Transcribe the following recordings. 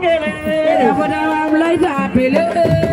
I'm like that,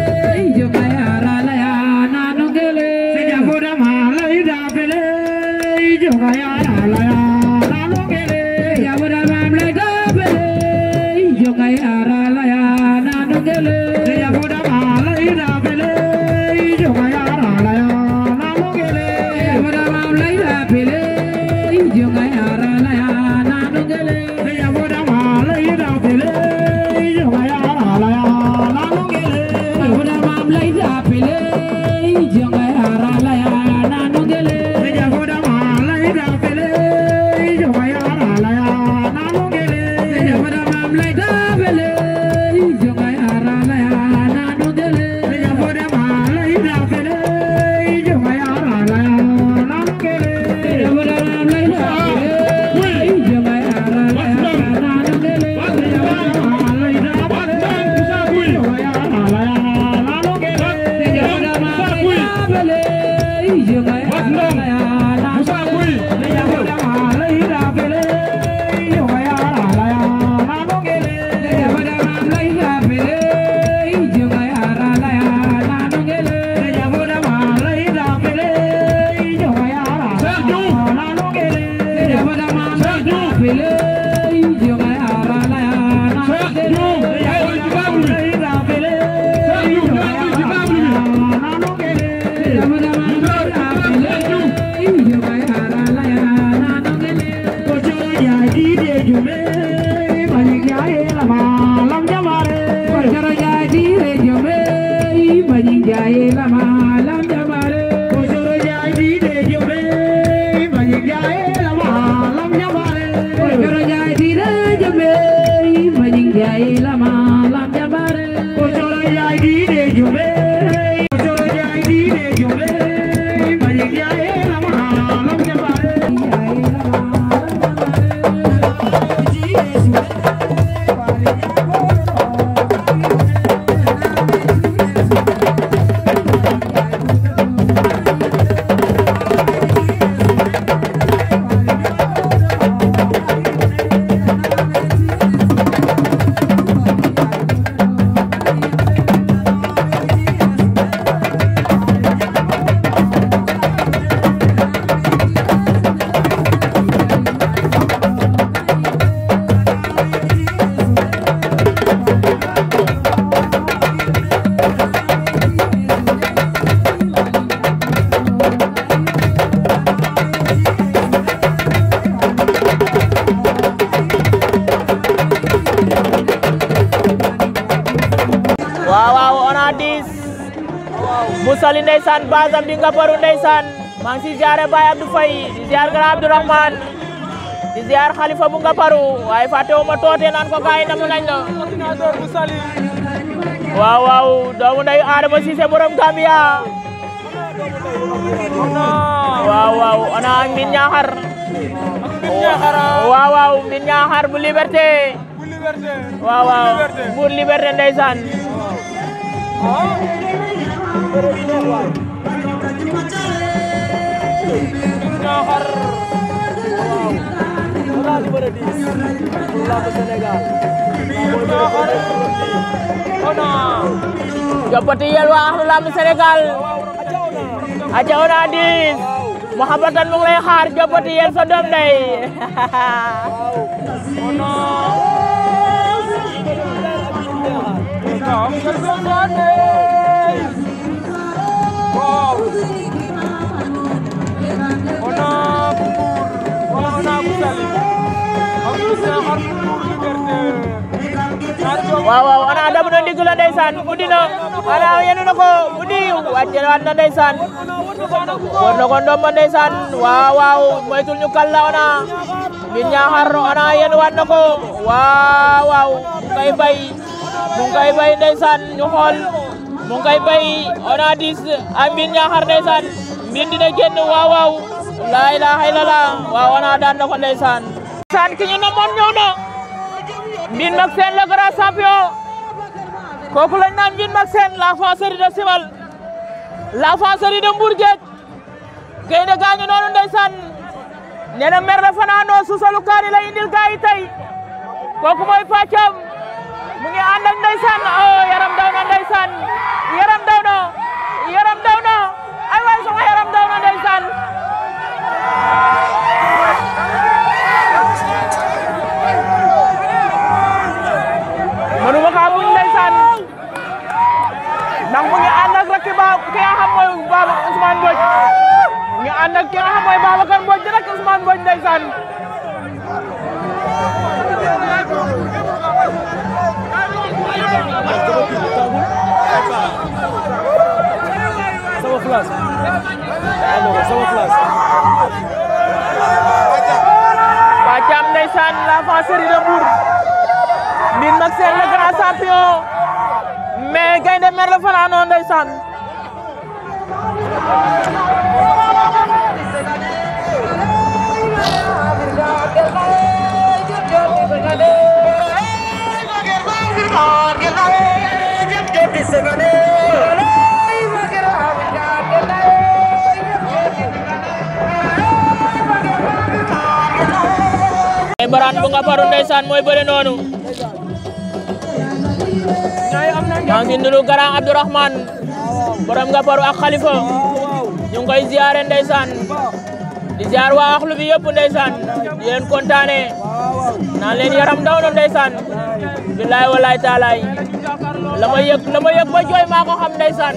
Addis Moussa Ly ndeysaan basam di Ngaparou ndeysaan maa ngi si ziare Baye Abdou Faye di ziare Grand Abdourahmane di ziare Khalifa bu Ngaparou waaye fàttewuma toote naan ko gaay namu nañ la waaw waaw doomu ndeyu Adama Cissé borom Gambia waaw waaw ana mbin ñaaxar waaw waaw mbin ñaaxar bu liberté waaw waaw bu liberté ndeysaan jopati yel wa axlu lamb Sénégal a jawna dis Mouhamadane mu ngi lay xaar jopati yel sa doom day Wow, wow, Wow. ana adam no ndigil la ndeysaan guddi na ala yenu na ko wow wow, waat na ndeysaan na ko wow, wow, waaw wow wow, ñu kalla ko mu ngi koy bay ndeysaan ñu xool mu ngi koy bay on a dit ñaaxar ndeysaan mbir dina génn waaw waaw laa ilaaha illallah waaw on daan na ko ndeysaan. ki ñu na mbir mag seen le grand champion kooku lañ naan mbir mag seen la Simal la fancérie de Mbour gaañu noonu ndeysaan nee na mer la fanaanoo suusalu kaari la indil gaa yi kooku mooy pàccam mu ngi ànd ak ndeysaan oh yaram daw na ndeysaan yaram daw na yaram daw na ay waay sama yaram daw na ndeysaan mënuma kaa muñ ndeysaan ndax mu ngi ànd ak rek ba ki nga xam mooy Baba Ousmane Mbodj mu ngi ànd ak ki nga xam mooy Babacar Mbodj rek Ousmane Mbodj ndeysaan sama place alors sama place Pathiam ndeysaan l'avant série de Mbour Ndine Mack Sène le grand champion la fanaanoo ndeysaan baran bunga nga desan mau mooy bëre anu. Angin dulu ngi Abdurrahman. garaan Abdourahmane borom nga faru ak desan. Iziar wa koy ziare ndeysaan di ziar waa axlu bi yëpp ndeysaan di leen yaram ndaw na ndeysaan billaay walaay la ma yëg la ma yëg ba jooy maa ko xam ndeysaan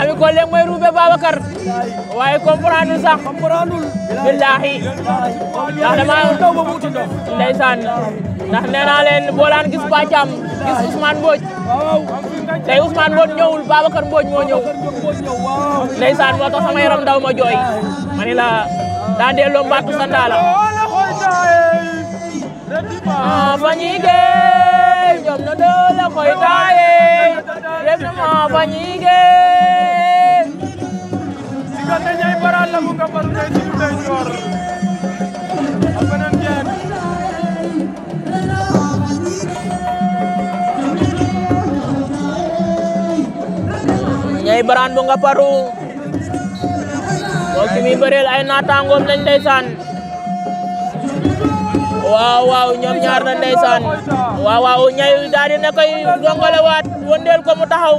ami ko léegi mooy ruube Babacar sax billaahi ndax dama ndeysaan ndax nee naa leen boo laan gis Pàccam gis Ousmane Mbodj tey Ousmane Mbodj ñëwul Babacar Mbodj moo ñëw ndeysaan moo tax sama daw ma jooy ma ni la daa delloo mbàttu sandaala ah fa ñuy nodo la koy taaye yéen ma bañ i géej. si kat dañuy baral la mu kapalu tey ci biir ndeyjoor ak beneen jeeg. ñay baraan bu nga paru moom ki muy bëreel ay naataangoom lañ ndeysaan waaw ñoom ñaar na ndeysaan waaw waaw ñay koy dongole waat ko mu taxaw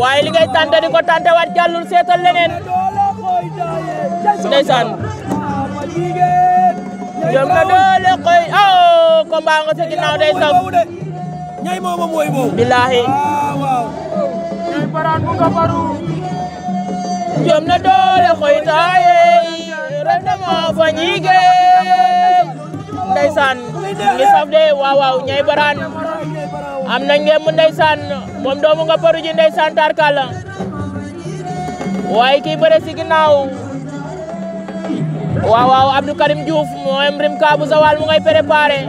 waaye li ngay tànte di ko tànte waat seetal leneen ndeysaan ñoom na doole koy oh combat nga sa ginnaaw day saf na doole koy taaye ren dama fa ndeysaan ngi saf de waaw waaw ñay baraan am na ngeen mu ndeysaan moom doomu nga paru ji ndeysaan tarkala waaye kii bëre si ginnaaw waaw waaw Abdou Karim Diouf mooy Mrim Kaabu Zawal mu ngay préparé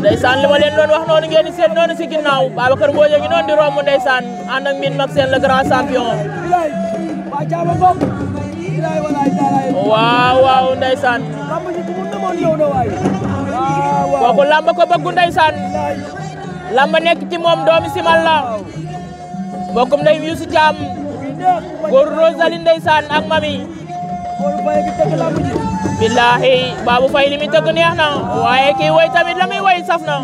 ndeysaan li ma leen doon wax noonu ngeen di seet noonu si ginnaaw Babacar Mbodj ngi di romb ndeysaan ànd ak min mag seen le grand champion waaw waaw ndeysaan kooku làmb ko bëggu ndeysaan làmb nekk ci moom doomi simal la mbokkum ndey Youssou Thiam góor Rosalie ak mami billahi Babou Faye li tëgg neex na waaye kii woy tamit woy saf na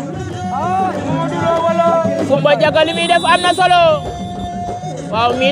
Kumba Jaga li def am solo waaw mi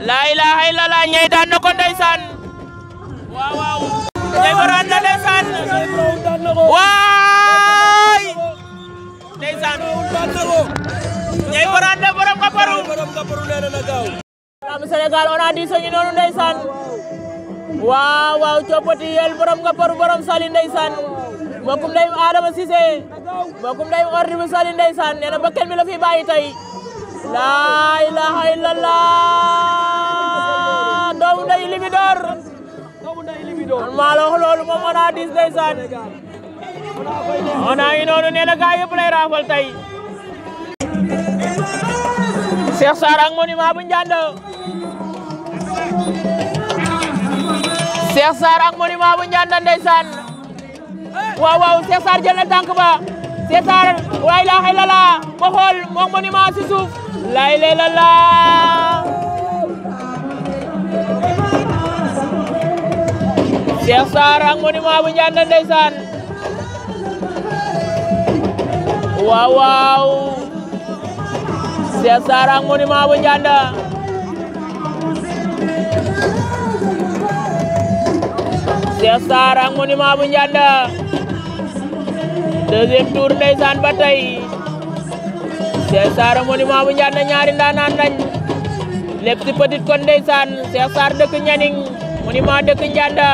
la ilaha illallah ñay daan nako ndaysan waaw waaw waaw ñey ndaysan waay ndaysan ñay waay da borom ko borom ko leena na gaaw am senegal on a dit soñu nonu ndaysan waaw waaw coppati yel borom ko kaparu borom sali ndaysan bokum ndeyum Adama Cissé bokum ndeyum ordi bu sali ndaysan neena na ba kenn mi la fi bayyi tay laa ilaha illallah doomu nday Libidor man maa la wax loolu moom on a dis ndeysaan on a ngi noonu nee na gaa yëpp lay raafal tey Cheikh Sarr ak monument bu Ndiando Cheikh Sarr ak monument bu Ndiando ndeysaan waaw waaw Cheikh Sarr jël na tànk ba seetaan waay laa xay lala ma xool moom monument si suuf lay lay lala Cheikh Sarr ak monument bu Ndianda ndeysaan waaw waaw Cheikh Sarr ak monument bu Ndianda Cheikh Sarr ak monument bu Ndianda deuxième tour ndeysaan ba tey Cheikh Sarr moo ni Mamou Ndiane ñaari ndaanaan lañ lépp si Petite Côte ndeysaan Cheikh dëkk Nianing mu maa dëkk Ndianda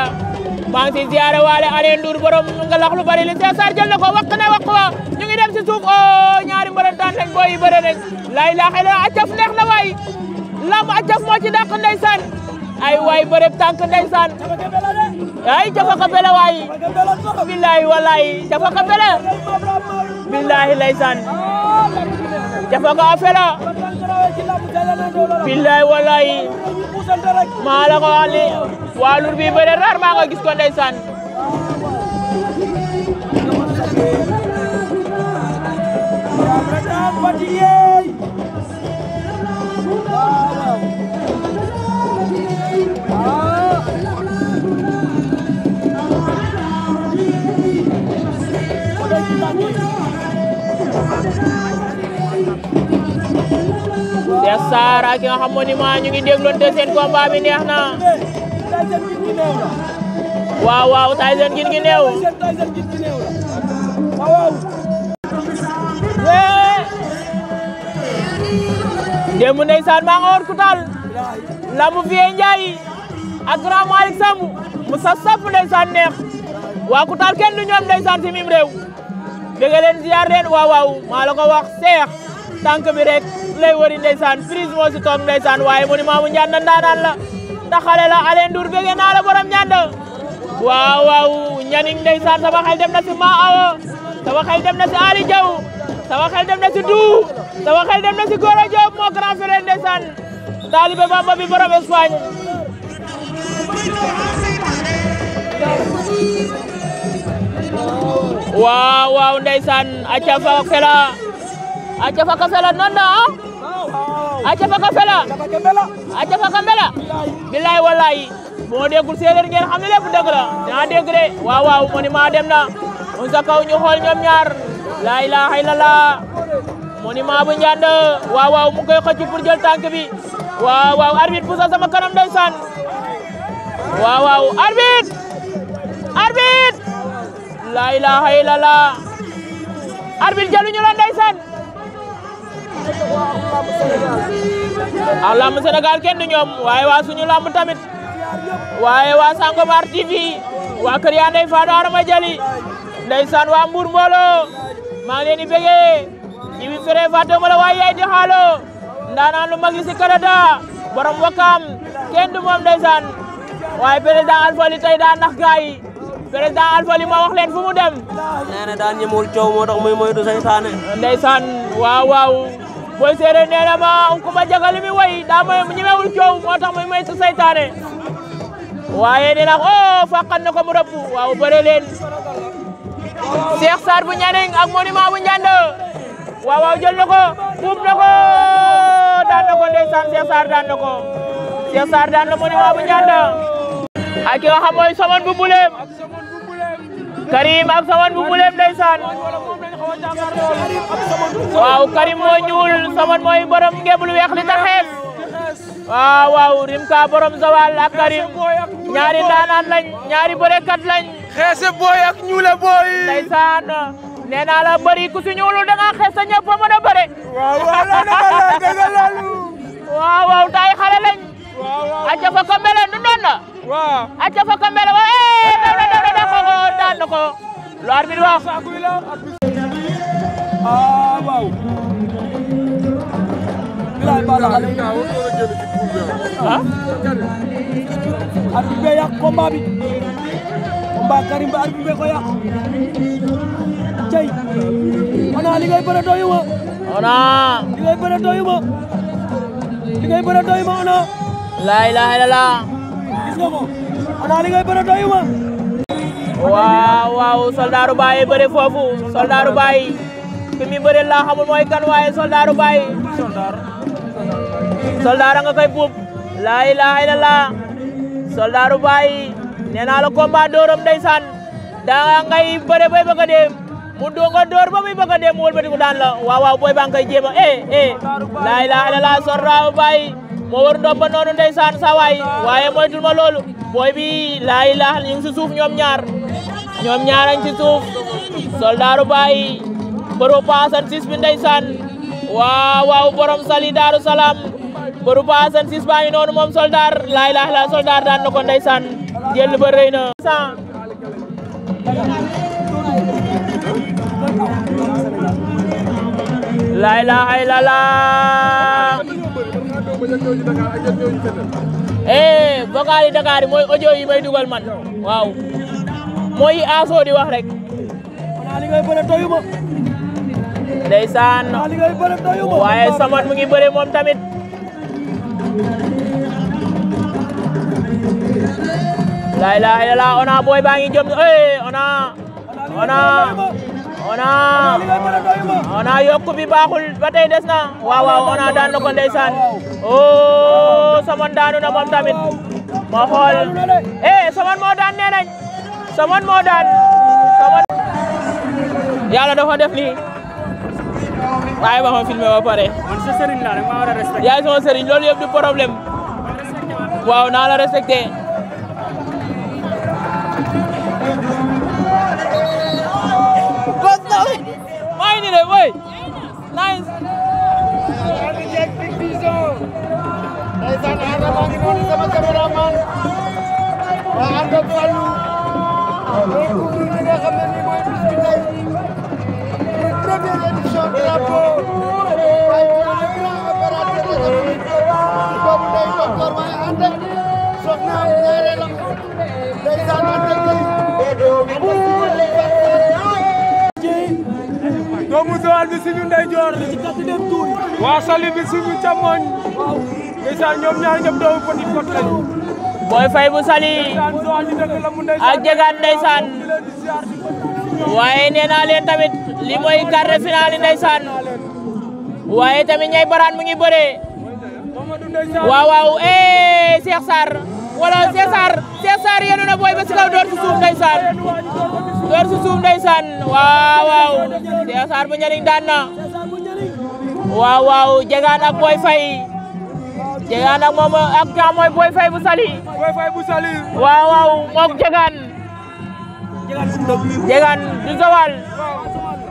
maa ngi si ziare waale Alain Ndour borom nga lax lu bari li Cheikh Sarr jël na ko wax na wax wa ñu dem si suuf o oh, ñaari mbarantaan lañ booy yi bëre nañ laay laaxee la neex na waay lamb acaf moo ci dàq ndeysaan ay waay bëre tànk ndeysaan ay jafa ka bele waay billahi wallahi jafa ka bele billahi laysan jafa ka fela billahi wallahi maa la ko ali waalur bi bëre raar maa ko ndeysaan Thank you. Ya Sarr ak ki nga xam monument ñu ngi dégloonte seen combat bi neex na waaw waaw Wow. gin gi néew démb ndeysaan maa nga woon Koutal lamb Vieux Ndiaye ak Grand Malick Samb mu saf saf ndeysaan neex waa wow kenn du ñoom ndeysaan si mim réew ziar leen waaw waaw maa la ko wax Cheikh tank bi rek lay wori ndaysan prise mo si tok ndaysan waye mo ni ñaan na ndaanaan la ndax xale la Alain Ndour bege na la borom da waaw waaw ñaning ndaysan sama xel dem na ci ma awo sama xel dem na ci Ali jaw sama xel dem na ci du sama xel dem na ci goro jaw mo grand frère talibé ba ba bi borom Espagne Wow, wow, Ndaysan, acha fa fela aca faka fela non na a aca faka fela wallaay moo déggul séeréer ngeen xam ne lépp dëgg la naa dégg de waaw dem na on sa xool ñoom ñaar laa ilaaha illallah mo ni bu njànd waaw waaw mu koy xëcc pour jël tànk bi waaw waaw arbitre pousa sama kanam ndeysaan waaw waaw arbitre arbitre laa ilaaha illallah arbitre jëluñu la ndeysaan alam lamb Sénégal kenn ñom waye wa suñu lamb tamit waye wa Sangomar TV wa kër yaa ndey Adama Jali ndaysan wa Mbour mbolo ma ngi leen di bëggee ji bi fere Kendo la waaye di xaalo ndana lu magi ci Canada borom wakam kenn du mom ndaysan waye président Alpha Ly gaay président ma wax len fu mu dem ñemul ciow mo tax muy waaw boy sere neena ma ko ba jagal mi way da may ñemewul coow ciow motax muy may sa saytaane waye nee ko oh nako mu rabbu waaw bare len Cheikh sar bu ñane ak monument bu ñande waaw waaw jël nako ko nako na nako daan na Cheikh sar daan nako Cheikh sar daan na monument bu ñande ak yo xam moy bu bulem Karim ak sawon bu bulem ndeysaan waaw Karim moo ñuul Samad mooy borom ngeblu weex li ta xees waaw waaw Rimka borom zawal ak Karim ñaari ndaanaan lañ ñaari bërekat lañ xeese booy ak ñuule booy ndeysaan nee naa la bëri ku si ñuulul da nga xees sa ñëpp a mën a bëre waaw waaw tay xale lañ aca fa ko mbele du noon na aca fa ko mbele wa ee daw na daw na daan na ko lu arbitre wax ah waaw. bilaay Balla xale bi. ah. arbitre bi yàq combat bi. combat Karim ba arbitre bi ko yàq. cey. xanaa li ngay bëre doyu ma. ona. li ngay bëre doyu ma. li ngay bëre doyu ma ona. laa ilaaha illallaah. gis nga ko. xanaa li ngay bëre doyu ma. waaw waaw soldaaru baay bëre foofu soldaaru baay. bi muy bëreel laa xamul mooy kan waaye soldaaru baay soldaar a nga koy buub laa ilaaha illallah soldaaru baay nee la combat dóoram ndeysaan daa ngay bëre bay bëgg dem mu ko la eh eh laa ilaaha illallah soldaaru baay moo war ndomba noonu ndeysaan sa waay waaye moytul ma loolu booy bi laa ñu suuf ñaar suuf berupa Hasan Sisbin Daisan wa wa borom sali Darus Salam berupa Hasan bayi non mom soldar la ilaha illallah soldar dan no kon Daisan jël ba reyna la ilaha illallah eh bokali Dakar moy audio yi may dugal man wow moy aso di wax rek li ngay ndeysaan ah, waaye Samat mu ngi bëre moom tamit la ilaha illallah ona boy baa ngi jom eh ona ona ona baaxul ba des na waaw waaw ona daan na ko ndeysaan oh, daanu na moom tamit ma xool eh moo daan nee nañ moo daan Samat yàlla dafa def lii waaye ba ma filmé ba pare. man sa sëriñ laa maa loolu yëpp du problème. waaw naa la respecté. maa ngi nii de booy. nice. ndeysaan ànd maa ngi noonu sama caméraman waa ànd nga xam ne nii première édition drapeau waaye li moy quart de finale ndeysaan waaye ñay baraan mu ngi waaw waaw eh Cheikh sar wala Cheikh sar Cheikh sar yenu na boy ba ci kaw door ci suuf ndaysan door ci suuf ndaysan waaw waaw Cheikh sar bu daan na waaw waaw ak boy fay jegaan ak ak temps moy boy fay bu sali boy fay bu sali waaw waaw du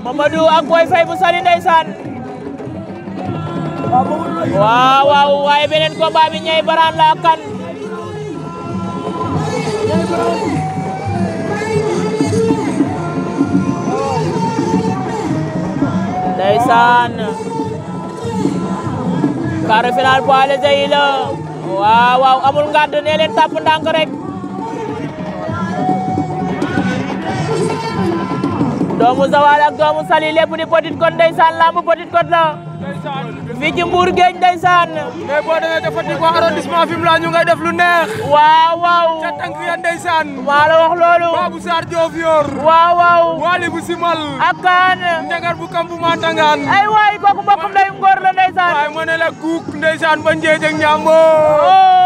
Mamadou ak Boy Faye bu sali ndeysaan waaw waaye beneen combat bi ñey baraan la ak kan ndeysaan quart final poids léger yi la waaw amul ngàdd nee leen tàpp rek doomu Zawal ak doomu Saly lépp di Petite Côte ndeysaan lamb Petite Côte la fii ci Géej ndeysaan mais boo demee ca Fatick waa arrondissement fi mu la ñu def lu neex waaw waaw bu Simal ak kaan njangar bu kambu maa tangaan ay waay kooku mbokkum ndey ngóor la ndeysaan waaye më ne kuuk ndeysaan ba njeej ak ñaamboor oh.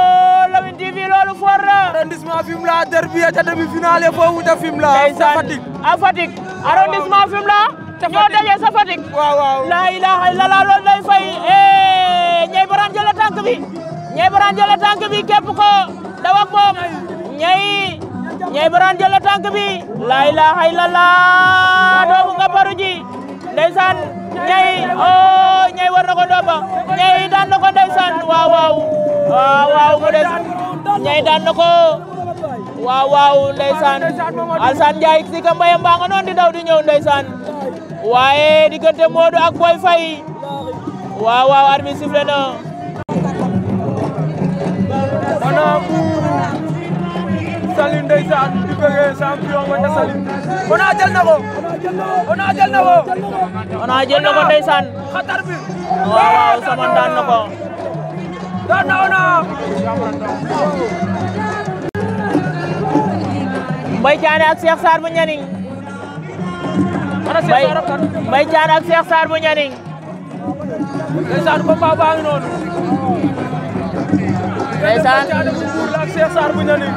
forra arrondissement derby ya ca demi finale foofu ca Fimela ca afatik a Fatick arrondissement Fimela ñoo sa Fatick waaw waaw la ilaha illallah loolu lay fay eh, ñey baran jële tànk bi ñey baran jële tànk bi képp ko daw ak moom ñey ñey baran bi la ilaha illallah nga baru ji ñey oh ñey war na ko ñey daan na ko ndeysaan waaw waaw waaw ñay daan na ko waaw waaw ndeysaan si ka mbayam baa nga noon di daw di ñëw ndeysaan di diggante Modou ak Boy Faye waaw waaw arbitre sifflé na ana di bëggee champion ma ta Saline ona jël na ko ona jël na ko ona jël na ko bi waaw sama daan na Don't know no. Mbaye Diané ak Cheikh Sarr bu Nianing. Mbaye Mbaye Diané ak Cheikh Sarr bu Nianing. Ndeysaan combat baa ngi noonu. Ndeysaan ak Cheikh Sarr bu Nianing.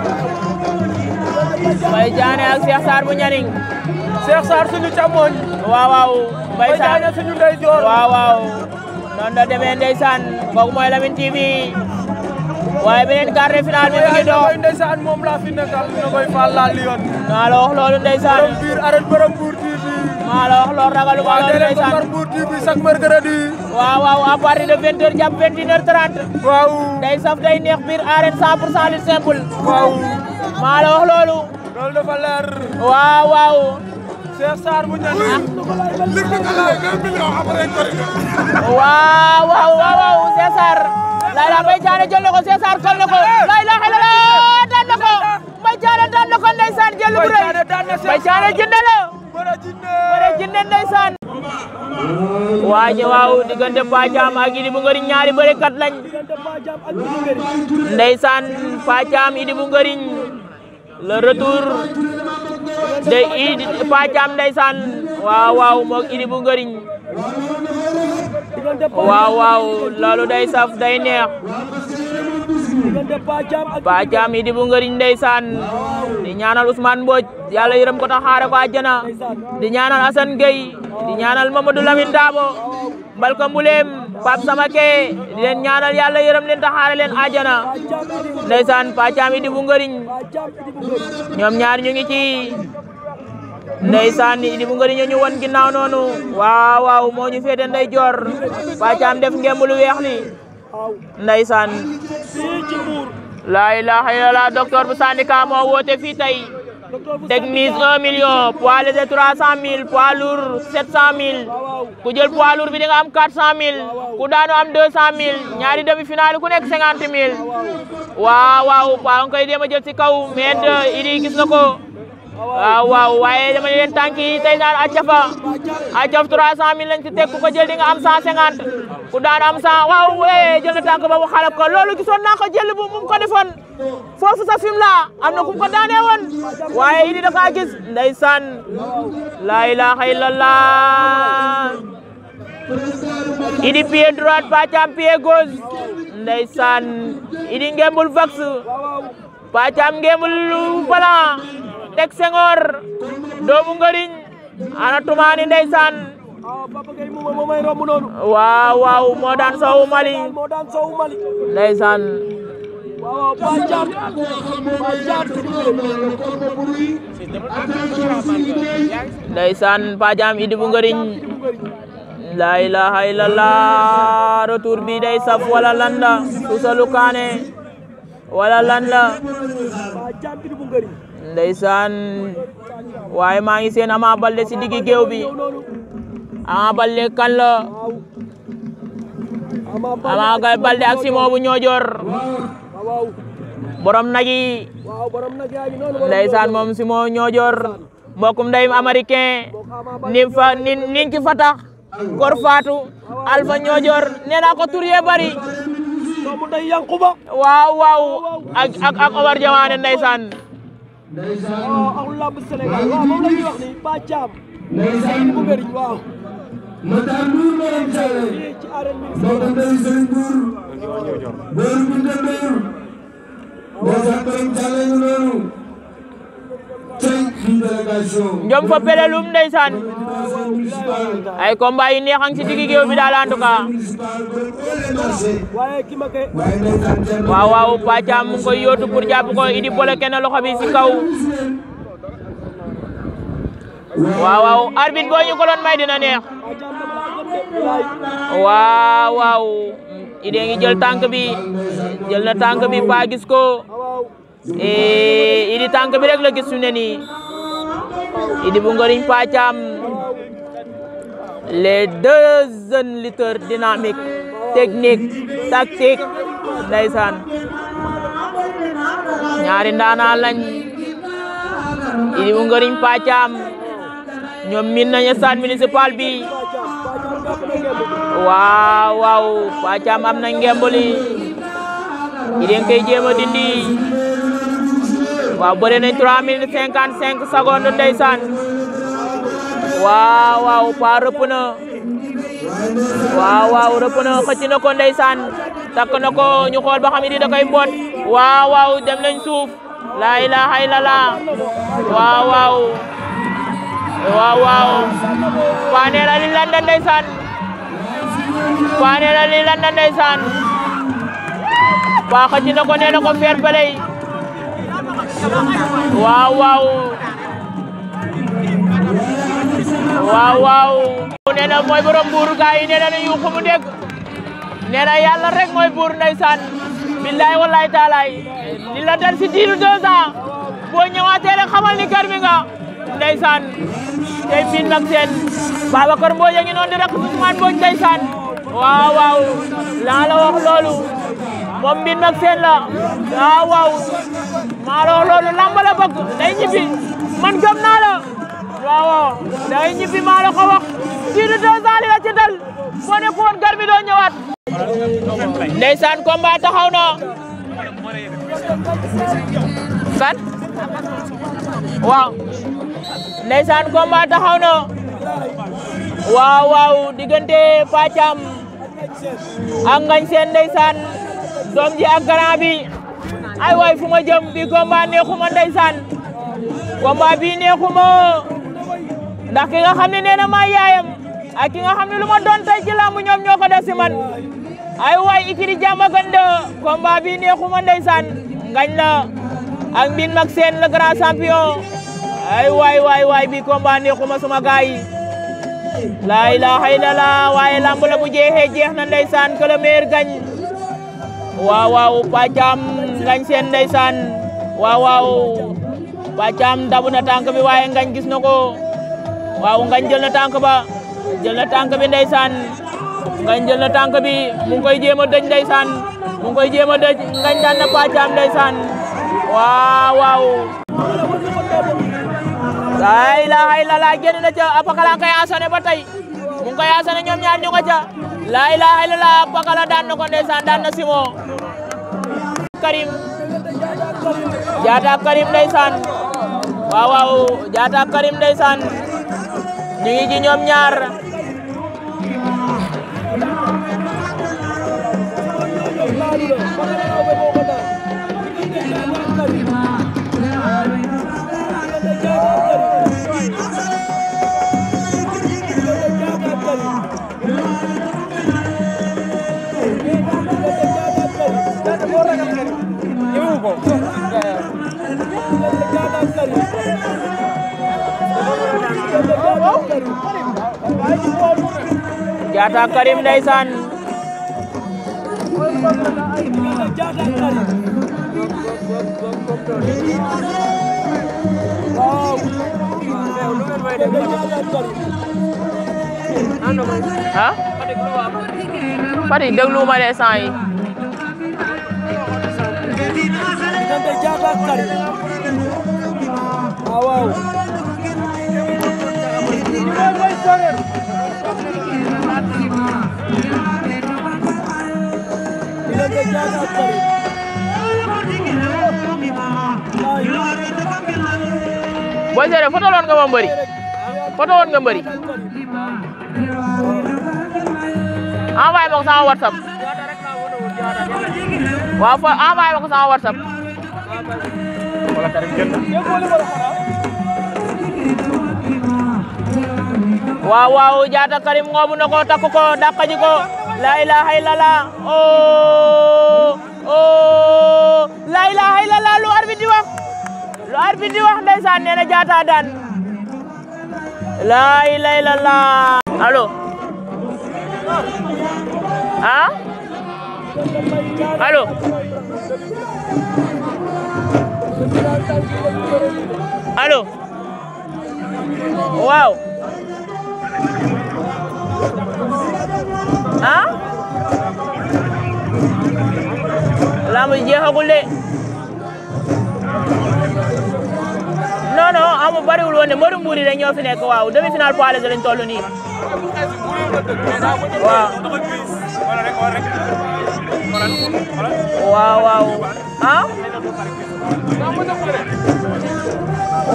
Mbaye Diané ak Cheikh Sarr bu Nianing. Cheikh Sarr suñu càmmoñ. waaw waaw Mbaye Sarr Mbaye Diané suñu ndeyjoor. waaw waaw. noonu la demee ndeysaan kooku mooy Lamine TV waaye beneen quart de finale bi mi ngi ndeysaan moom laa fi nekkal na koy laal li maa la wax loolu ndeysaan biir arène borom Mbour maa la wax loolu ragalu ma ndeysaan borom Mbour TV chaque mercredi waaw waaw à partir de 20h day saf day neex biir arène 100% lu simple waaw maa la wax loolu loolu dafa leer waaw waaw Cheikh Sarr mu ñaan lig na kala 1 million après korite waaw waaw waaw Cheikh Sarr lay la Mbaye jël na Cheikh Sarr kol na ko lay la xelala daan na ko Mbaye Thiaré daan jël bu la waaw ak Idi bu ngëriñ ñaari lañ Idi bu ngëriñ le retour ndey idi pa jam ndeysaan waaw waaw moog idi bu ngëriñ waaw waaw loolu day saf day neex Bajam yi di bu ngëriñ ndeysaan di ñaanal Ousmane Mbodj yàlla yërëm ko ta xaare ko àjjana di ñaanal Assane Gueye di ñaanal Mamadou Lamine Dabo Mbalka Mbouleem Pape Samake di leen ñaanal yàlla yërëm leen ta xaare leen àjjana ndeysaan Bajam yi di bu ngëriñ ñoom ñaar ñu ngi ci ndeysaan di bu ngëriñ ñu won waaw waaw ñu ndey Bajam def ngemb weex ya, li ndaysaan laa ilaaha illallah docteur bu Sandika moo woote fii tey technique 1 million poids léger 300 000 poids lourd 700 000 ku jël poids bi di nga am 400 000 ku daanu am 200 000 ñaari demi-finale ku nekk 50 000 waaw waaw waaw nga koy dem a jël ci kaw mais it gis na ko. waaw ah, waaw waaye dama leen tànk yi tey daan acafa acaf 300000 lañ ci teg ku ko jël di nga ku daan am waaw eh jël na ba mu xalab loolu gisoon naa ko jël bu mu ko defoon foofu sa la am na ku mu ko daanee woon waaye idi da kaa gis laa ilaaha illallah idi pied droite Pathiam pied gauche ndeysaan idi ngembul vax Pathiam ngembul plan teg Senghor bu ngariñ ana tumani ndeysaan waaw waaw mo dan sawu Mali ndeysaan waaw bajaat bajaat ndeysaan bajaam idi bu ngariñ la ilaha illallah retour bi day saf wala landa tusalu kaane wala landa pajam idi bu ngariñ ndaysan waye ma ngi seen Ama balle si digi geew bi Ama balle kan la Ama kay balle ak simo bu borom nag yi ndeysaan simo Simon Ñoojoor mbokkum ndeyim américain nim fa nin ci fatax kor fatu alfa Ñoojoor nee naa ko tour ye bari waaw waaw ak ak ak oh, lamb Sénégal waaw oh, moom la ñuy wax ni Pa Thiam ndeysaan bu bëri waaw Matar Ndour borom Thialé bokkam dari Serigne Bour boor bu ndembeer ndeysaan borom Thialé ñu noonu Njom fa pelelum ndeysaan ay yi neexang ci diggi géew bi daal en tout cas waaw waaw Pacaam mu ngi koy yóotu pour jàpp ko idi na loxo bi ci kaw waaw waaw arbitre boo ñu ko doon may dina neex waaw waaw idi ngi jël tànk bi jël na tànk bi pa ko Eh, idi tànk bi rek la gis su ne idi bu ngoriñ pacam le deux jeunes lutteurs dynamiques technique tactique ndeysaan ñaari ndaanaan lañ idi bu ngoriñ pacam ñoom min nañu stade bi waaw waaw pacam am na ngemboli idi nga koy dindi waaw bëre nañ 3 minutes 55 secondes ndeysaan waaw waaw pa rëpp waaw waaw rëpp na xëcc na ko ndeysaan takk na ñu xool ba xam ni da koy boot waaw waaw dem nañ suuf laa ilaaha illallah waaw waaw waaw paa nee li lan la ndeysaan paa nee li lan la ndeysaan paa xëcc na ko nee waaw waaw waaw waaw nee na mooy borom buur gaa yi nee na la yuuxu mu dégg nee na yàlla rek mooy buur ndeysaan billaay wallaay taalaay li la dal si diiru deux ans boo ñëwaatee rek xamal ni kër mi nga ndeysaan tey miin mag seen Babacar Mbodj ngi noonu di rek Ousmane Mbodj ndeysaan waaw waaw laa la wax loolu moom miin mag seen la waaw waaw maa la wax loolu lamba la bëgg day ñibbi man gëm naa la waaw day ñibbi maa la ko wax sii du deux la ci dal boo ne ko woon gar mi doo ñëwaat ndeysaan na fan waaw Desan koma taxaw wow wow waaw diggante pacham ak desan dom ndeysaan doom ji ak grand bi ay way fuma ma jëm bi combat neexuma ndeysaan combat bi neexuma ndax ki nga xam ne ma yaayam ak ki nga xam luma don tay ci làmb ñoom ñoo ay way ikiri jama de combat bi neexuma ndeysaan Ngagne la ak bin sen le grand champion ay waay waay waay bi combat neexuma sama gaay yi laa ilaaha illallah waaye lamb bu jeexee jeex na ndeysaan saan le meilleur gagne waaw waaw pàccaam ngañ seen ndeysaan waaw waaw pàccaam dabu na tànk bi waaye ngañ gis na ko waaw ngañ jël na tànk ba jël na tànk bi ndeysaan ngañ jël na tànk bi mu ngi dëj ndeysaan mu ngi koy dëj ngañ daan na pàccaam ndeysaan waaw waaw laa ilaaha illallah génn na ca Pakala nga koy asane ba tey mu ngi koy asane ñoom ñaar ñu nga ca laa ilaaha illallah daan na ko ndeysaan daan na Simon Jaata Karim ndeysaan waaw waaw Jaata Karim ndeysaan ñu ngi ji ñaar Jaata Karim ndeysaan ah Fatick déglu ma de sant yi Boy Séré foto loon nga ma mbëri foto woon nga mbëri envoyé ma ko sama whatsapp waaw fo envoyé ma ko sama whatsapp waaw waaw jaata Karim ngoobu na ko takk ko dàq ji ko la ilaha illallah oh oh la ilaha illallah lu arbitre di wax lu arbitre di wax jaata daan la ilaha illallah allo ah ah lamb ji jeexagul de non non amu bariwul woon ne mbaru mbuur yi rek ñoo fi nekk waaw demi final poids léger lañ toll nii waaw waaw waaw ah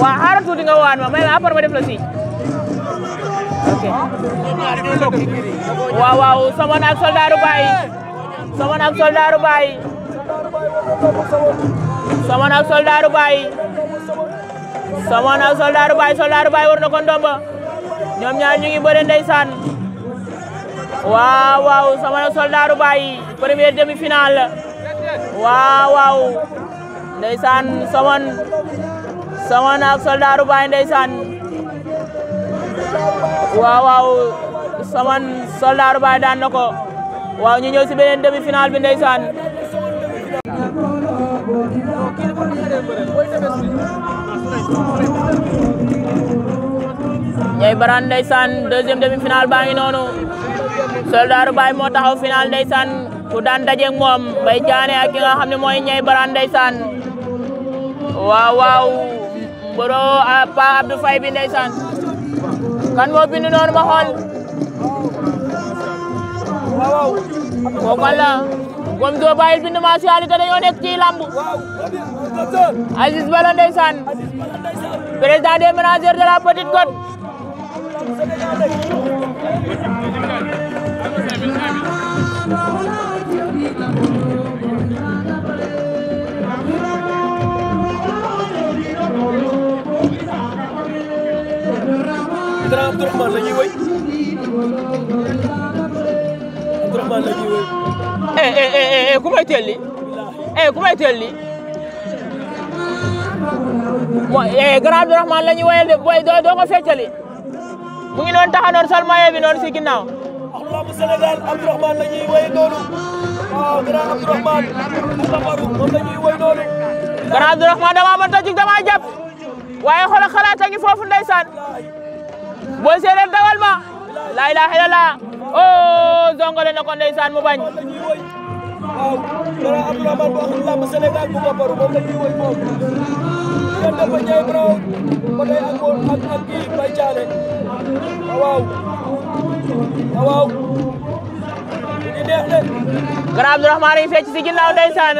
waaw xaaral tuuti nga waan ma ma après ma def la si ok waaw waaw Somone ak Soldaaru Baay Somone ak Soldaaru Baay Somone ak Soldaaru Baay Somone ak Soldaaru Baay Soldaaru Baay war na ko ndomba ñaar ñu ngi bëre ndeysaan waaw waaw Somone ak Soldaaru Baay première demi-finale waaw waaw ndeysaan Somone Somone ak Soldaaru Baay ndeysaan waaw waaw saman soldaaru baay daan na ko waaw ñu ñëw si beneen demi-finale bi ndeysaan ñay baran ndeysaan deuxième demi-finale baa ngi noonu soldaaru baay moo taxaw finale ndeysaan ku daan dajeeg moom bay jaane ak ki nga mooy ñay baran ndeysaan waaw waaw mboro ah, Pa Abdou Faye bi ndeysaan kan moo bind noonu ma xool kooku la gom doo bàyyil bind maa si Aliou te dañoo nekk ci Aziz Bala ndeysaan président des managers de la Petite Côte grand Abdourahmane la ñuy woy Abdourahmane la ñuy woy eh eh eh ku may teel li eh ku may teel li mooy eh grand Abdourahmane la ñuy woyal de booy doo doo ko feccali mu ngi noonu taxa noonu sol maillot bi noonu si ginnaaw axlaabu Sénégal Abdourahmane la ñuy woy noonu waaw grand Abdourahmane Safarou moom la ñuy woy noonu grand Abdourahmane dama mënta jug dama jàpp waaye xoolal xalaat a ngi foofu ndeysaan booy séeréer dawal ma laa ilaaha illallaah oh zongale na ko ndeysaan mu bañ. waaw dara Abdourahmane bu axul lamb Sénégal bu bopparu moom la ñuy woy moom diggante ba Ndiaye fecc si ginnaaw ah, ah, la ilaahi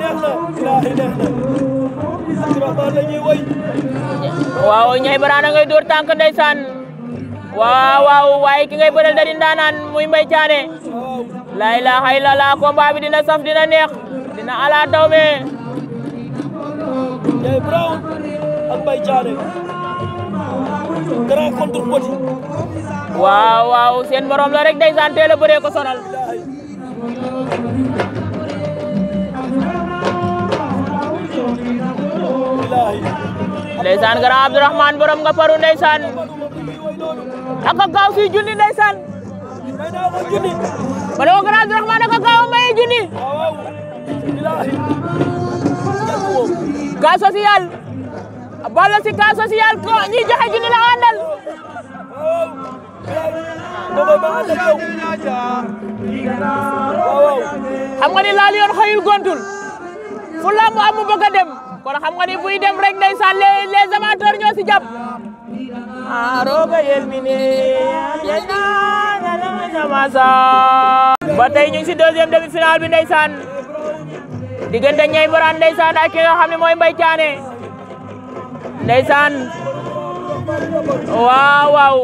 neex na Wow, nyai barana ngay dur tànk ndeysaan waaw Wow, waaye ki ngay bëral da di ndaanaan muy mbay caane lay la xay la ko combat dina saf dina neex dina ala daw me ñay brown ak mbay caane grand contre petit wow, waaw seen morom la rek ndeysaan teel a bëree ko sonal ndeysaan gara Abdourahmane borom nga paru ndeysaan ak a gaaw fii junni ndeysaan ma ne ko gara Abdourahmane ak a gaaw maye junni cas social ballo si cas social ko ñi joxe junni la àndal xam nga ni laal yoon xëyul gontul fu lamb am mu bëgg a dem kon xam nga ni buy dem rek ndeysaan les les amateurs ñoo si jàpp a roga yelmine ba tey si deuxième demi finale bi ndeysaan diggante ñay baraan ndeysaan ak ki nga xam ne mooy Mbaye Thiané ndeysaan waaw waaw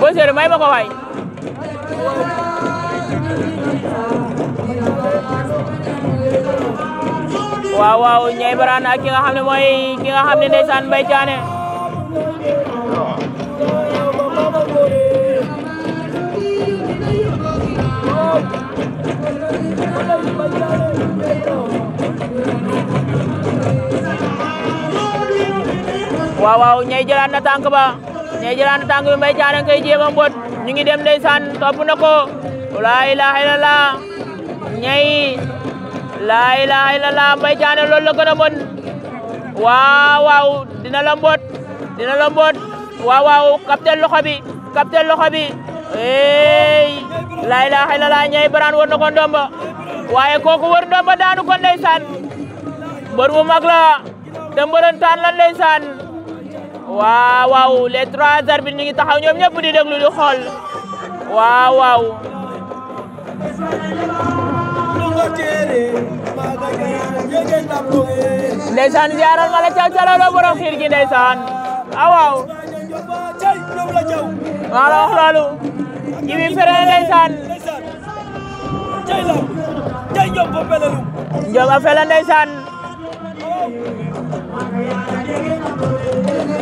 bo seere may ma ko waay waaw waaw ñay Barane ki nga ki nga waaw waaw na tank ba ñay jëlan na tank bi mbot ñu ngi dem ndeysaan top nako la ilaha illallah ñay laa ilaha illallah Mbaye Diané loolu la a mën dina la mboot dina la mboot waaw waaw capitaine loxo bi capitaine loxo bi ey laa ilaha baraan war na ko waaye kooku wër ndomba daanu ko ndeysaan mbër mu mag la te mbërëntaan la ndeysaan waaw waaw les trois arbitres ñu ngi taxaw ñoom ñëpp di déglu di xool waaw ndeysaan ziaral ma la caw calalo xiir gi ndeysaan awaaw ah, maa la wax loolu jibi fere ndeysaan njoba fele ndeysaan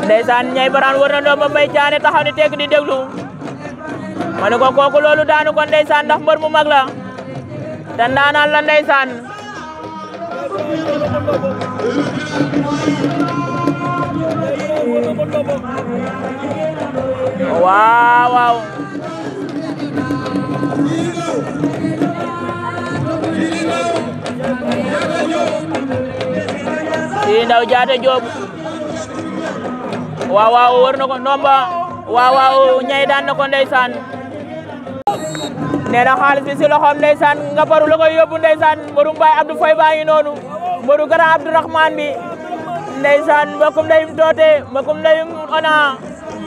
ndeysaan baraan war na doom ba mbay caane taxaw ni di déglu ma ne ko kooku loolu daanu ko ndeysaan ndax mbër mu mag la dandaanaan la ndeysaan waaw waaw sii ndaw jaate joob waaw waaw war na ko ndomba daan na ko ndeysaan nee na xaalis bi si loxoom ndeysaan nga paru la koy yóbbu ndeysaan mbaru Mbaye Abdou Faye baa ngi noonu mbaru Gara Abdourahmane bi ndeysaan mbakum ndeyum toote mbakum ndeyum ona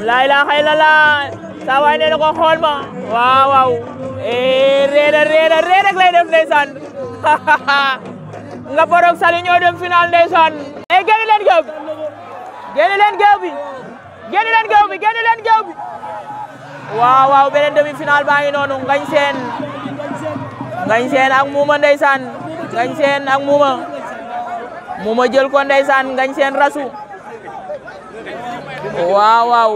laa ilaaha illallaah saa waay nee xool ma waaw waaw ee eh, reena reena ree rek lay def ndeysaan nga parok sali ñoo dem final ndeysaan ee eh, génn leen géew bi génn leen géew bi génn leen géew bi waaw waaw beneen demi final baa ngi noonu Ngagne Sène Ngagne Sène ak Mouma ndeysaan Ngagne Sène ak Mouma Mouma jël ko ndeysaan Ngagne Sène rasu waaw waaw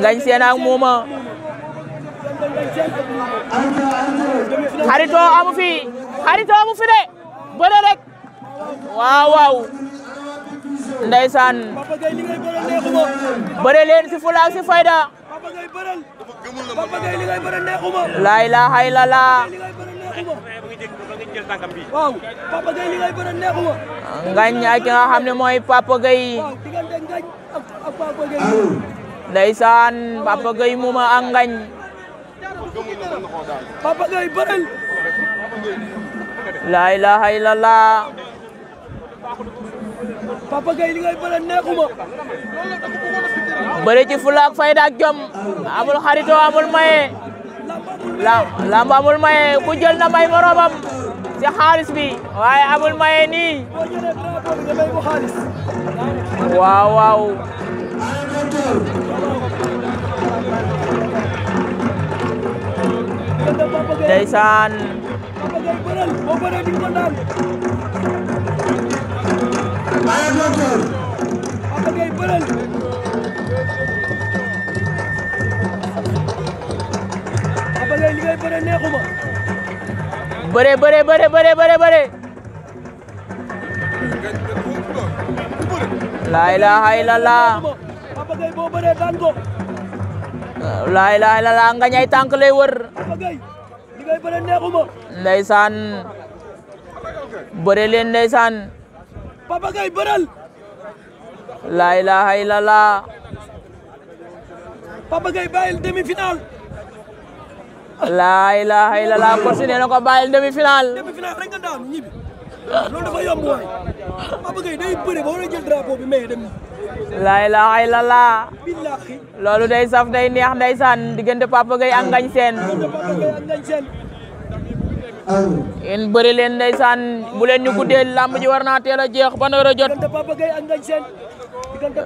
Ngagne Sène ak Mouma xaritoo amu fi xaritoo amu fi de rek waaw ndeysaan bëre leen si fula si fayda laa ilaaha illallah ngañ ak ki nga mooy Papa Gueye ndeysaan mu ma ak laa ilaaha illallah Papa Gueye li ngay bëre neexuma. bëri ci fula fayda ak jom amul xarito amul maye. lamb amul maye ku jël na may moromam ci xaalis bi waaye amul maye nii. waaw waaw. ndeysaan. Aya Tonton abale li laa ilaaha illallah abagay ñay tànk wër abagay li ngay bëre neexuma ndeysaan Papa Gaye bëral la ilaha illallah Papa Gaye demi-finale la ilaha illallah Kossi nee ko bàyyil demi-finale demi-finale rek loolu day bëre a jël drapeau bi mais dem la ilaha day saf day neex diggante Papa Gaye en beure len ndaysan bu len ñu guddee lamb ji warna naa teel jeex ban heure jot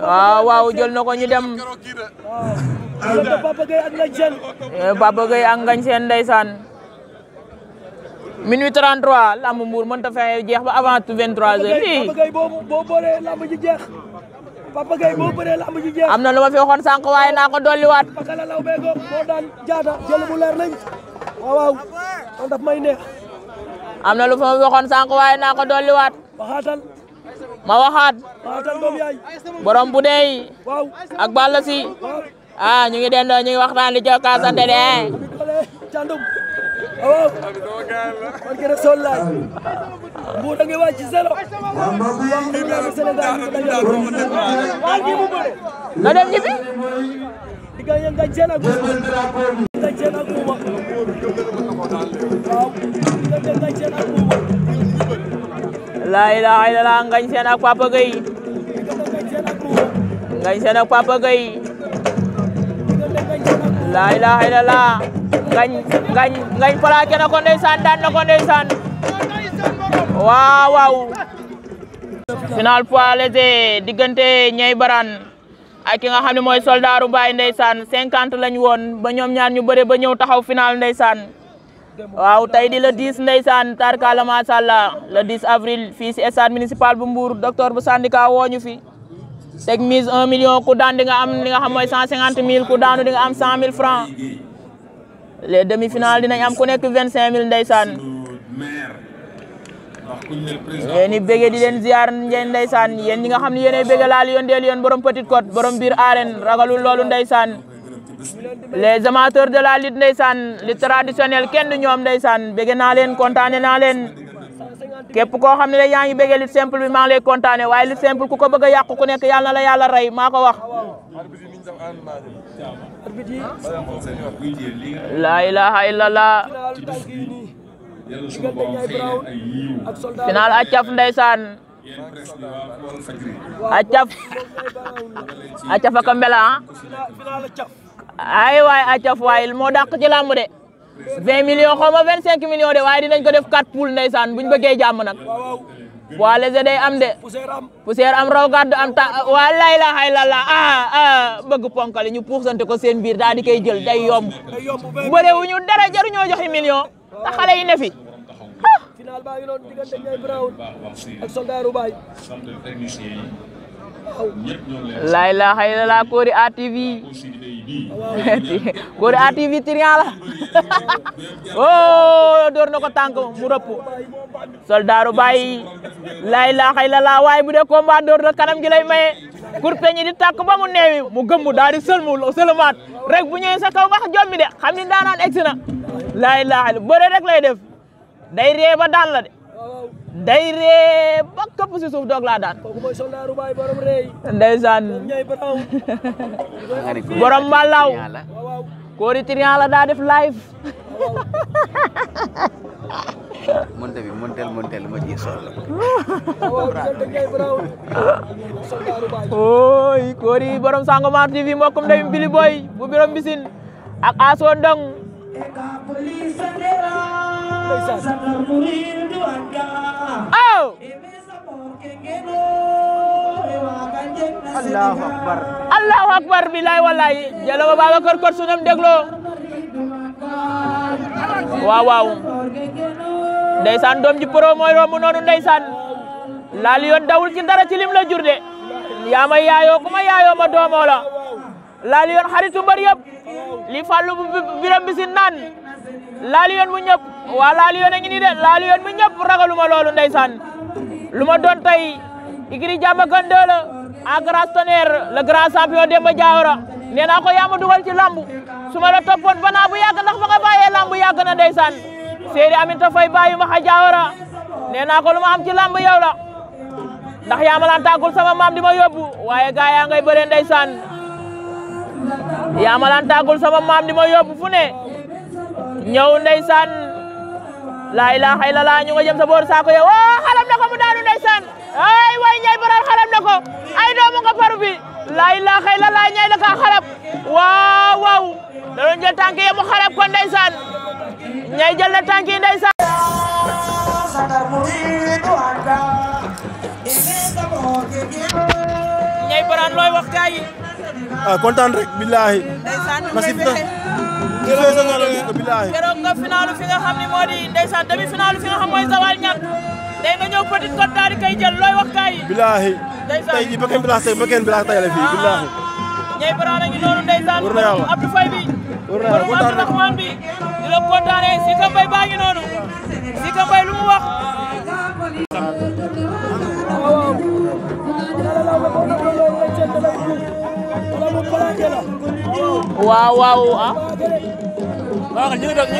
ah waaw jël nako ñu dem Papa gay ak Ngagne Sène Papa Gueye ak Ngagne Sène ndeysaan minuit 33 làmb Mbour mën ta fay jeex ba avant 23 h i gay bo bo boo lamb ji jeex Papa gay bo bëree lamb ji jeex amna luma fi waxon sank way na ko dolliwaat bakala law bee ko moo daan jaata jël bu leer nañ waaw waaw daf may lu fa waxoon sànq waaye naa ko dolliwaat. waxaatal. ma waxaat. waxaatal doom yaay. borom bu waaw ak ah ñu ngi dendoo ñu ngi waxtaan li jox kaasante de. candum waaw. man kii sol laay. bu da ngay dem diggante nga jël laa ilaaha illallaah ngañ seen ak Papa Gueye ngañ seen laa ilaaha illallaah ngañ ngañ ngañ plaqué na ko ndeysaan daan na ko ndeysaan waaw waaw final poids léger ak ki nga xam ne mooy soldaaru Mbaye ndeysaan cinquante lañ woon ba ñoom ñaar ñu bëre ba ñëw taxaw final ndeysaan waaw tey di le 10 ndeysaan tarkala macha allah le 10 avril fii si stade municipal bu Mbour docteur bu syndicat wooñu fi teg mise million ku daan di nga am li nga xam mooy 150 mille ku daanu di nga am 100 mille francs les demi-finales dinañ am ku nekk vingt 25 mille ndeysaan leen i bége di leen ziar ngeen ndeysaan yéen ñi nga xam ne yéenay bége laal yoon deel yoon borom petite côte borom biir arène ragalul day saan les amateurs de la lutte ndeysaan lutte traditionnelle kenn du day saan bége naa leen kontaane naa leen képp koo xam ne yaa ngi bége lutte simple bi maa ngi lay kontaane waaye lutte simple ku ko bëgg a yàq ku nekk yàlla na la yàlla rey maa ko wax la ilaha illallah final a ah. caf ndeysaan a caf a caf a kambela ay waay a caf waay moo dàq ci làmb de 20 millions xaw ma 25 millions de waaye dinañ ko def 4 poule ndeysaan buñ bëggee jàmm nag waa léegi day am de poussière am raw gàddu am ta waa lay la xay la bëgg ponkali ñu puusante ko seen biir daal di koy jël day yomb bëre wu ñu dara jaruñoo joxe million te xale yi ne fi final baa ngi noonu diggante Ndiaye Brown ak soldaaru Baye Laila, ilaha illallah kori atv kori atv tiringala oh dor nako tank mu soldaru bay la ilaha illallah way bu de combat dor na kanam gi lay maye kur peñi di tak ba mu newi mu mu dari di sëlmu selamat rek bu ñewi sa kaw wax jommi de xam ni daanaan egsi na la ilaha illallah rek lay def day reba dal la de day bakka ba këpp si suuf doog laa daan. borom rey. ndeysaan. borom trian la da def live. monte bi montel montel ma ci oy ko ri borom Sangomar TV mbokkum ndey Bili Boy bu borom bisin ak Aso Ndong. ka police ndera Allahu akbar Allahu akbar billahi wallahi jalo Babakar kor sunam deglo waaw doom ji pro mooy romb noonu ndeysaan laal yoon dawul ci dara ci lim la jur de yaa ma yaayoo ku ma yaayoo ma doomoo la Laluan hari xaritu mbër yëpp li fallu biram bi nan naan laal yoon mu ñep wa laal yoon a ngi ni de laal mu ñep ragaluma loolu ndaysan luma don doon igri jamba gande la a grand tonnerre le grand champion Demba Diawara nee naa ko yama ma ci lamb suma la topon bana bu yag ndax ba nga baye lamb yag na ndeysaan séeri Aminta fay ma ko luma am ci lamb yow la ndax yama lan tagul sama mam di ma yóbbu waaye gaya ngay beure ndaysan yaa ma lan tàggul sama maam di ma yóbbu fu ne ñëw ndeysaan laa ilaaha illallah nga jëm sa saako yow oo xalam na ko mu daanu ndeysaan ay way ñay baral xalam na ko ay doomu nga paru bi laa ilaaha ñay la ka waaw waaw da doon jël tànk mu xarab ko ndeysaan ñay jël na tànk yi ndeysaan ñay baral looy wax gaay ah kontaan rek billahi nasib na keroog nga finalu fi nga xam ne moo di ndeysaan demi finalu fi nga xam mooy Zawal ñàkk day nga ñëw Petite Côte daal di koy jël looy wax kaay yi billahi tey ji bakkan bilaas tey bakkan bilaas tey la fii billahi ñay barana ngi noonu ndeysaan war na yàlla Abdou Faye bi war na yàlla kontaan rek bi di la kontaanee si ka baa ngi si ka mbay wax Wow, wow. Ah, wow, wow, wow,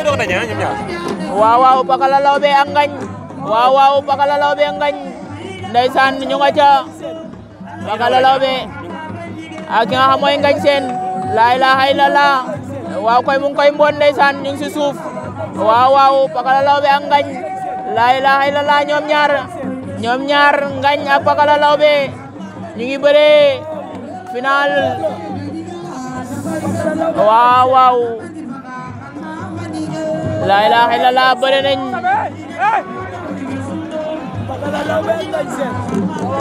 wow, Wow, wow, wow, wow, wow, wow, Wow, wow, wow, wow, wow, wow, wow, wow, wow, wow, wow, wow, wow, wow, wow, wow, wow, wow, wow, Wow, wow, wow, wow, wow, wow, wow, wow, Wow, wow, wow, wow, wow, wow, wow, wow, wow wow wow wow wow wow wow wow wow wow wow Final. Wow, wow. La ilaha illallah bananin.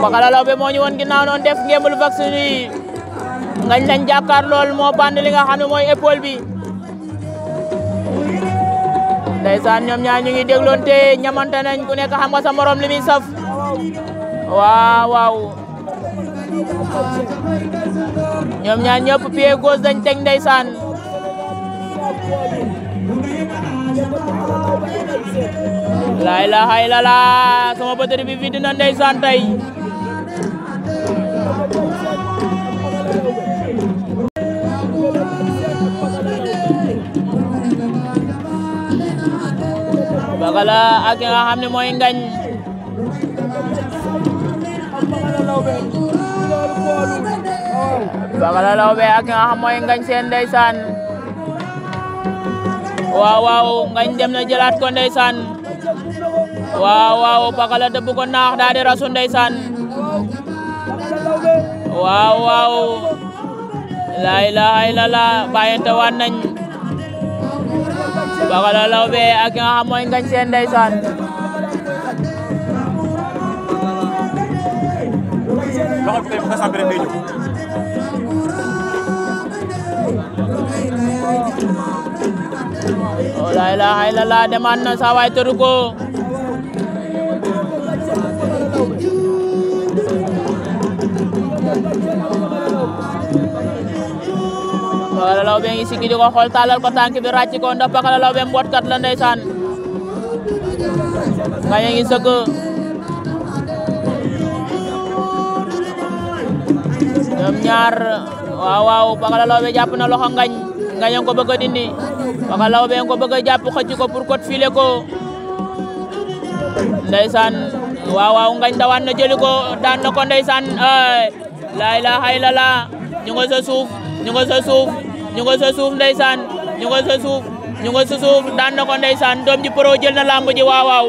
Bakalalaw be mo ñu won ginaaw non def ngembul vaccine ngañ lañ jakar lol mo band li nga xamne moy épaule bi ndaysan ñom ñaa ñu ngi deglonté ñamante nañ ku nekk xam nga sa morom limi saf waaw waaw ñoom ñaar ñëpp pied gauche dañ teg ndeysaan laa ilaaha illallaah sama batari bi vide na ndeysaan tey Bagala ak nga xam ne mooy ngañ Pakala Lawbe ak ki nga xam mooy Ngagne Sène ndeysaan waaw dem na jëlaat ko ndeysaan waaw waaw Pakala dëbb ko naax daal di rasu ndeysaan waaw waaw laa ilaaha illallah bàyyante waat nañ Pakala Lawbe ak ki nga xam mooy Ngagne Sène ndeysaan loxo bi tey bu ko sàmbi la ko kalalaw be ngi sigi di ko xool tàllal ko tànk bi ràcc ko ndax pa kalalaw be kat la ñoom ñaar waaw waaw Pakala Lawbe jàpp na loxo ngañ ngañ ko bëgg a dindi Pakala Lawbe ko bëgg a jàpp xëcc ko pour code filé ko ndeysaan waaw waaw na jëli ko daan na ko ndeysaan laa ilaaha illallaah ñu nga sa suuf ñu nga sa suuf ñu daan na ko ndeysaan doom ji pro jël na làmb ji waaw